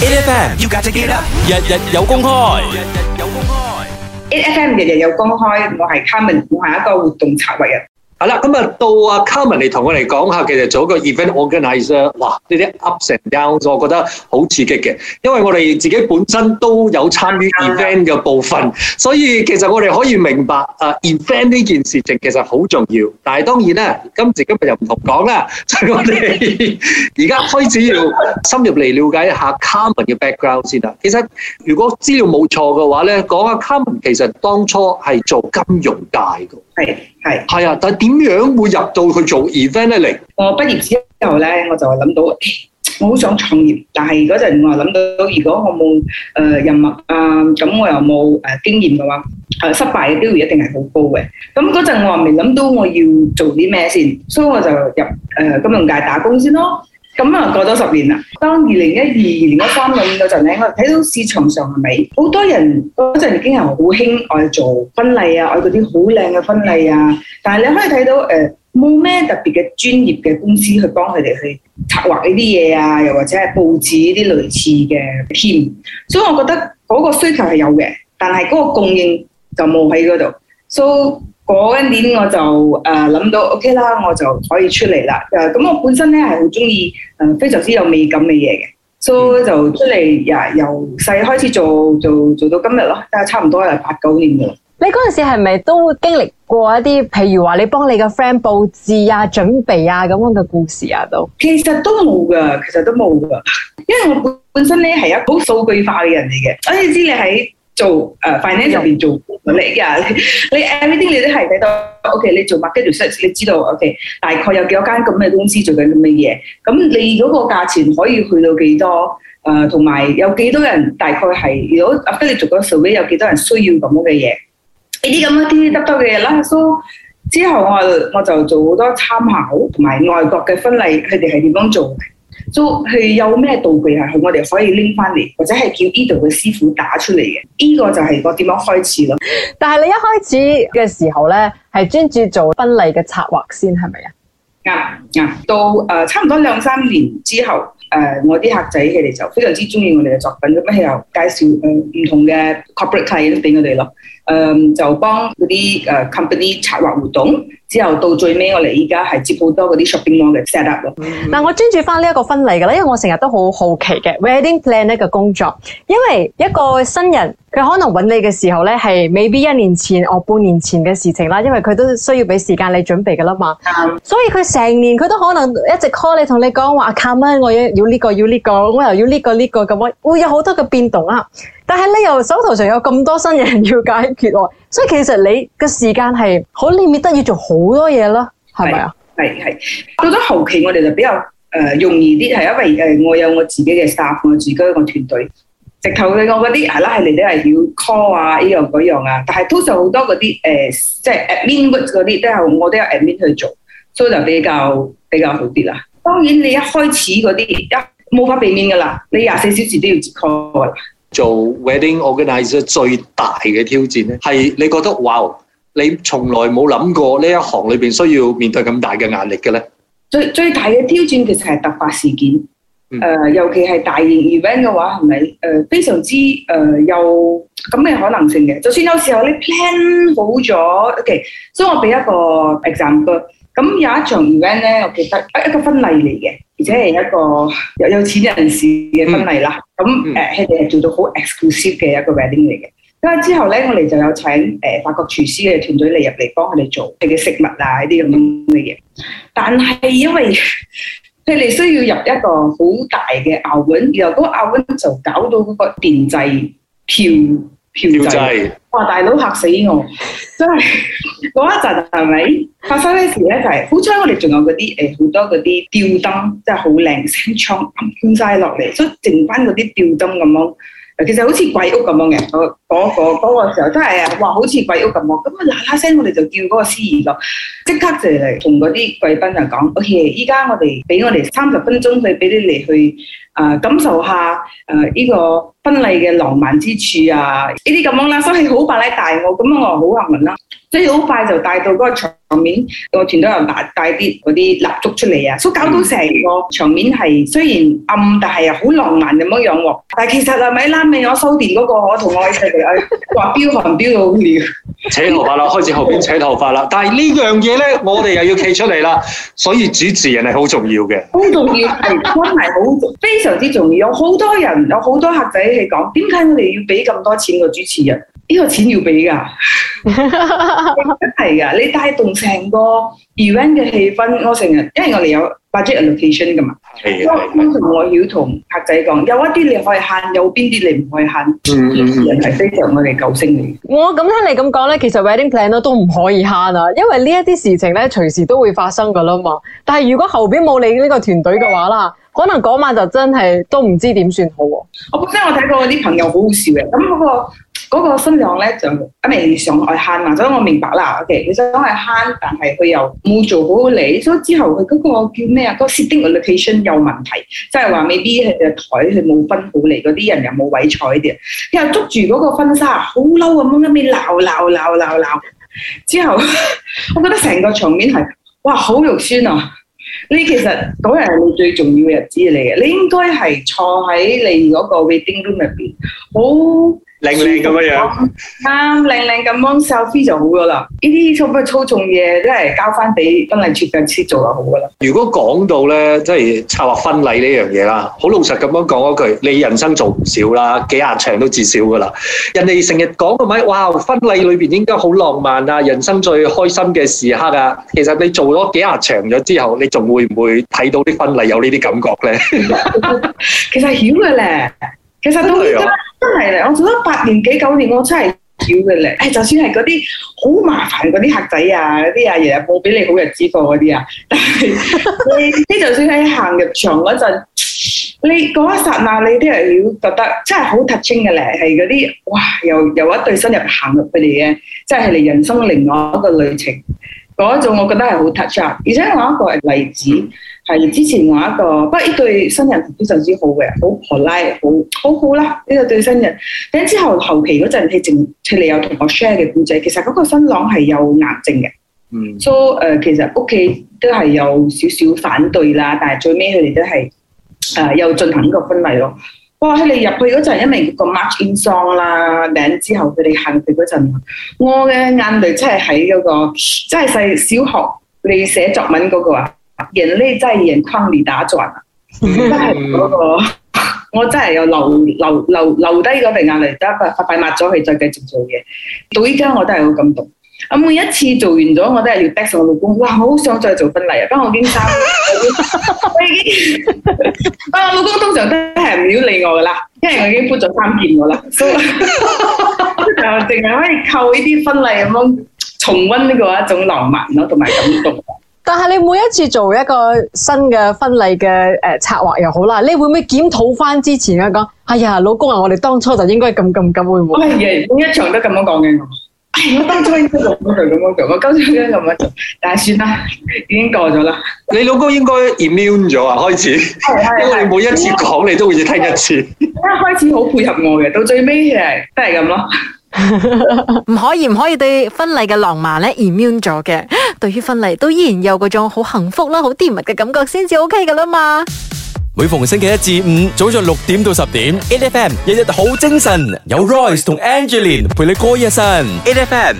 F M 要架隻機啦，日日有公開。F M 日日有公開，我係 Carmen，我係一個活動策劃人。係啦，咁啊、嗯、到阿 Carmen 嚟同我哋講下，其實做一個 event organizer，哇！呢啲 ups and downs，我覺得好刺激嘅，因為我哋自己本身都有參與 event 嘅部分，所以其實我哋可以明白啊、uh，event 呢件事情其實好重要。但係當然咧，今時今日又唔同講啦，所以我哋而家開始要深入嚟了解一下 Carmen 嘅 background 先啦。其實如果資料冇錯嘅話咧，講下 Carmen 其實當初係做金融界嘅。係。係，係啊！但係點樣會入到去做 event 咧？我畢業之後咧，我就諗到，我好想創業，但係嗰陣我諗到，如果我冇誒人脈啊，咁、呃呃、我又冇誒、呃、經驗嘅話，誒、呃、失敗嘅機會一定係好高嘅。咁嗰陣我未諗到我要做啲咩先，所以我就入誒、呃、金融界打工先咯。咁啊，過咗十年啦。當二零一二、二零一三、兩年嗰陣咧，我睇到市場上係咪好多人嗰陣已經係好興愛做婚禮啊，愛嗰啲好靚嘅婚禮啊。但係你可以睇到誒，冇、呃、咩特別嘅專業嘅公司去幫佢哋去策劃呢啲嘢啊，又或者係佈置呢啲類似嘅添。所以我覺得嗰個需求係有嘅，但係嗰個供應就冇喺嗰度。So 嗰一年我就誒諗到 OK 啦，我就可以出嚟啦。誒咁，我本身咧係好中意誒非常之有美感嘅嘢嘅，所以就出嚟呀，由細開始做做做到今日咯，都係差唔多係八九年嘅啦。你嗰陣時係咪都經歷過一啲，譬如話你幫你個 friend 佈置啊、準備啊咁樣嘅故事啊，其實都？其實都冇噶，其實都冇噶，因為我本本身咧係一個數據化嘅人嚟嘅，我知你喺。做誒 finance 入邊做嘅、嗯、 你而家你 everything 你都係睇到 OK 你做 market research 你知道 OK、哦、大概有幾多間咁嘅公司做緊咁嘅嘢，咁你嗰個價錢可以去到幾多？誒、啊，同埋有幾多人大概係，如果阿爹你做咗 survey 有幾多人需要咁樣嘅嘢？呢啲咁一啲得多嘅嘢啦，所以、嗯 so, 之後我我就做好多參考同埋外國嘅婚禮，佢哋係點樣做？都係有咩道具係我哋可以拎翻嚟，或者係叫呢度嘅師傅打出嚟嘅。呢、呢個就係個點樣開始咯。但係你一開始嘅時候咧，係專注做婚禮嘅策劃先，係咪啊？啊啊、嗯嗯，到誒、呃、差唔多兩三年之後。誒，uh, 我啲客仔佢哋就非常之中意我哋嘅作品，咁佢又介紹唔、嗯、同嘅 corporate client 俾我哋咯。誒、嗯，就幫嗰啲誒 company 策劃活動，之後到最尾我哋而家係接好多嗰啲 shopping mall 嘅 set up 咯。嗱、嗯，嗯、我專注翻呢一個婚禮嘅啦，因為我成日都好好奇嘅、mm hmm. wedding plan 呢個工作，因為一個新人佢可能揾你嘅時候咧係未必一年前或半年前嘅事情啦，因為佢都需要俾時間你準備嘅啦嘛。Um, 所以佢成年佢都可能一直 call 你同你講阿 come on 我要。要呢個要呢個，我又要呢個呢個咁，會有好多嘅變動啊！但係你又手頭上有咁多新人要解決喎、啊，所以其實你嘅時間係好你免得要做好多嘢咯，係咪啊？係係到咗後期我哋就比較誒容易啲，係因為誒我有我自己嘅 staff，我自己一個團隊，直頭你講嗰啲係啦，係你都係要 call 啊呢樣嗰樣啊，但係通常好多嗰啲誒即係 admin 嗰啲都係我都有 admin 去做，所以就比較比較好啲啦。當然，你一開始嗰啲一冇法避免噶啦，你廿四小時都要接 call。做 wedding organizer 最大嘅挑戰咧，係你覺得哇，你從來冇諗過呢一行裏邊需要面對咁大嘅壓力嘅咧。最最大嘅挑戰其實係突發事件，誒、嗯呃，尤其係大型 event 嘅話，係咪誒非常之誒有咁嘅可能性嘅？就算有時候你 plan 好咗，OK，所、so、以我俾一個 example。咁有一場 event 咧，我記得啊，一個婚禮嚟嘅，而且係一個有有錢人士嘅婚禮啦。咁誒佢哋係做到好 exclusive 嘅一個 wedding 嚟嘅。咁之後咧，我哋就有請誒、呃、法國廚師嘅團隊嚟入嚟幫佢哋做佢嘅食物啊，呢啲咁嘅嘢。但係因為佢哋需要入一個好大嘅 oven，然後嗰個 oven 就搞到嗰個電掣跳。票制，哇大佬吓死我，真係嗰 一陣係咪發生咩事咧就係、是，好彩我哋仲有嗰啲誒好多嗰啲吊燈，真係好靚，成窗暗晒落嚟，所以剩翻嗰啲吊燈咁樣。其實好似鬼屋咁樣嘅，嗰、嗰、嗰、個嗰個時候都係啊，哇！好似鬼屋咁喎，咁啊嗱嗱聲，我哋就叫嗰個司儀咯，即刻就嚟同嗰啲貴賓就講，OK，依家我哋俾我哋三十分鐘，你俾你嚟去啊、呃、感受下誒呢、呃呢個婚禮嘅浪漫之處啊！呢啲咁樣啦，所以好百呢大我咁啊我好幸運啦～所以好快就帶到嗰個場面，我團隊又拿帶啲嗰啲蠟燭出嚟啊，所搞到成個場面係雖然暗，但係又好浪漫噉樣喎。但係其實係咪拉尾我收電嗰個，我同我一齊嚟，話、哎、飆寒飆到好妙，扯頭髮啦，開始後邊扯頭髮啦。但係呢樣嘢咧，我哋又要企出嚟啦。所以主持人係好重要嘅，好重要係真係好非常之重要。有好多人有好多客仔係講，點解我哋要俾咁多錢個主持人？呢個錢要俾㗎， 真係㗎！你帶動成個 event 嘅氣氛，我成日，因為我哋有 budget allocation 㗎嘛。係。 所以我要同客仔講，有一啲你可以慳，有邊啲你唔可以慳。嗯？嗯嗯。係非常救我哋救星嚟。我、嗯、咁、嗯嗯嗯、聽你咁講咧，其實 wedding plan 咧都唔可以慳啊，因為呢一啲事情咧隨時都會發生㗎啦嘛。但係如果後邊冇你呢個團隊嘅話啦，可能嗰晚就真係都唔知點算好喎。我本身我睇過我啲朋友好好笑嘅，咁、嗯、嗰、嗯嗯嗯嗰個新娘咧就一味想愛慳嘛，所以我明白啦。O.K. 佢想係慳，但係佢又冇做好你，所以之後佢嗰個叫咩啊？嗰、那個、setting location 有問題，即係話未必 y 佢嘅台佢冇分好嚟，嗰啲人又冇位坐啲啊。佢又捉住嗰個婚紗，好嬲咁樣一味鬧鬧鬧鬧鬧。之後， 我覺得成個場面係哇好肉酸啊！你其實嗰日係你最重要嘅日子嚟嘅，你應該係坐喺你嗰個 waiting room 入邊好。靚靚咁樣樣，啱靚靚咁樣，收費就好噶啦。呢啲咁嘅操縱嘢都係交翻俾婚禮設計師做就好噶啦。如果講到咧，即係策劃婚禮呢樣嘢啦，好老實咁樣講一句，你人生做唔少啦，幾廿場都至少噶啦。人哋成日講個咪，哇，婚禮裏邊應該好浪漫啊，人生最開心嘅時刻啊。其實你做咗幾廿場咗之後，你仲會唔會睇到啲婚禮有呢啲感覺咧？其實，曉嘅咧。其實都真係咧， 我做咗八年幾九年，我真係少嘅咧。誒，就算係嗰啲好麻煩嗰啲客仔啊，嗰啲啊日日報俾你好日子貨嗰啲啊，但係 你呢，就算喺行入場嗰陣，你嗰一剎那，你啲人要覺得真係好 touching 嘅咧，係嗰啲哇，又又一對新人行入嚟嘅，真係嚟人生另外一個旅程，嗰種我覺得係好 touching，而且我一個例子。之前我一個，不過呢對新人非常之好嘅，好婆拉，好好好啦。呢、這個對新人，等之後後期嗰陣，佢淨佢哋有同我 share 嘅故仔。其實嗰個新郎係有癌症嘅，嗯，所以、呃、其實屋企都係有少少反對啦，但係最尾佢哋都係誒、呃、又進行呢個婚禮咯。哇、哦！佢哋入去嗰陣，因為個 marching song 啦，等之後佢哋行去嗰陣，我嘅眼淚真係喺嗰個，真係細小學你寫作文嗰、那個啊～人淚真喺眼眶裡打轉啊！真係嗰個，我真係又留留留留低嗰瓶眼淚，得快快抹咗佢，再繼續做嘢。到依家我都係好感動。我每一次做完咗，我都係要逼我老公，哇！好想再做婚禮啊！不過我已經生， 我已經啊，老公通常都係唔要理我噶啦，因為我已經搬咗三件噶啦，所以就淨係可以靠呢啲婚禮咁樣重温呢個一種浪漫咯，同埋感動。但係你每一次做一個新嘅婚禮嘅誒策劃又好啦，你會唔會檢討翻之前啊？講哎呀，老公啊，我哋當初就應該咁咁咁，會唔會？係耶，每一場都咁樣講嘅。哎， 我當初應該咁樣做，咁樣做，我今次應就唔樣做，但、啊、係算啦，已經過咗啦。你老公應該 immune 咗啊？開始， 因為你每一次講你都會聽一次。一 開始好配合我嘅，到最尾嘅、就是，都係咁咯。唔 可以唔可以對婚禮嘅浪漫咧 immune 咗嘅？對於婚禮都依然有嗰種好幸福啦，好甜蜜嘅感覺，先至 OK 噶啦嘛。每逢星期一至五早上六點到十點，AIFM 日日好精神，有 Royce 同 Angelin 陪你過日晨，AIFM。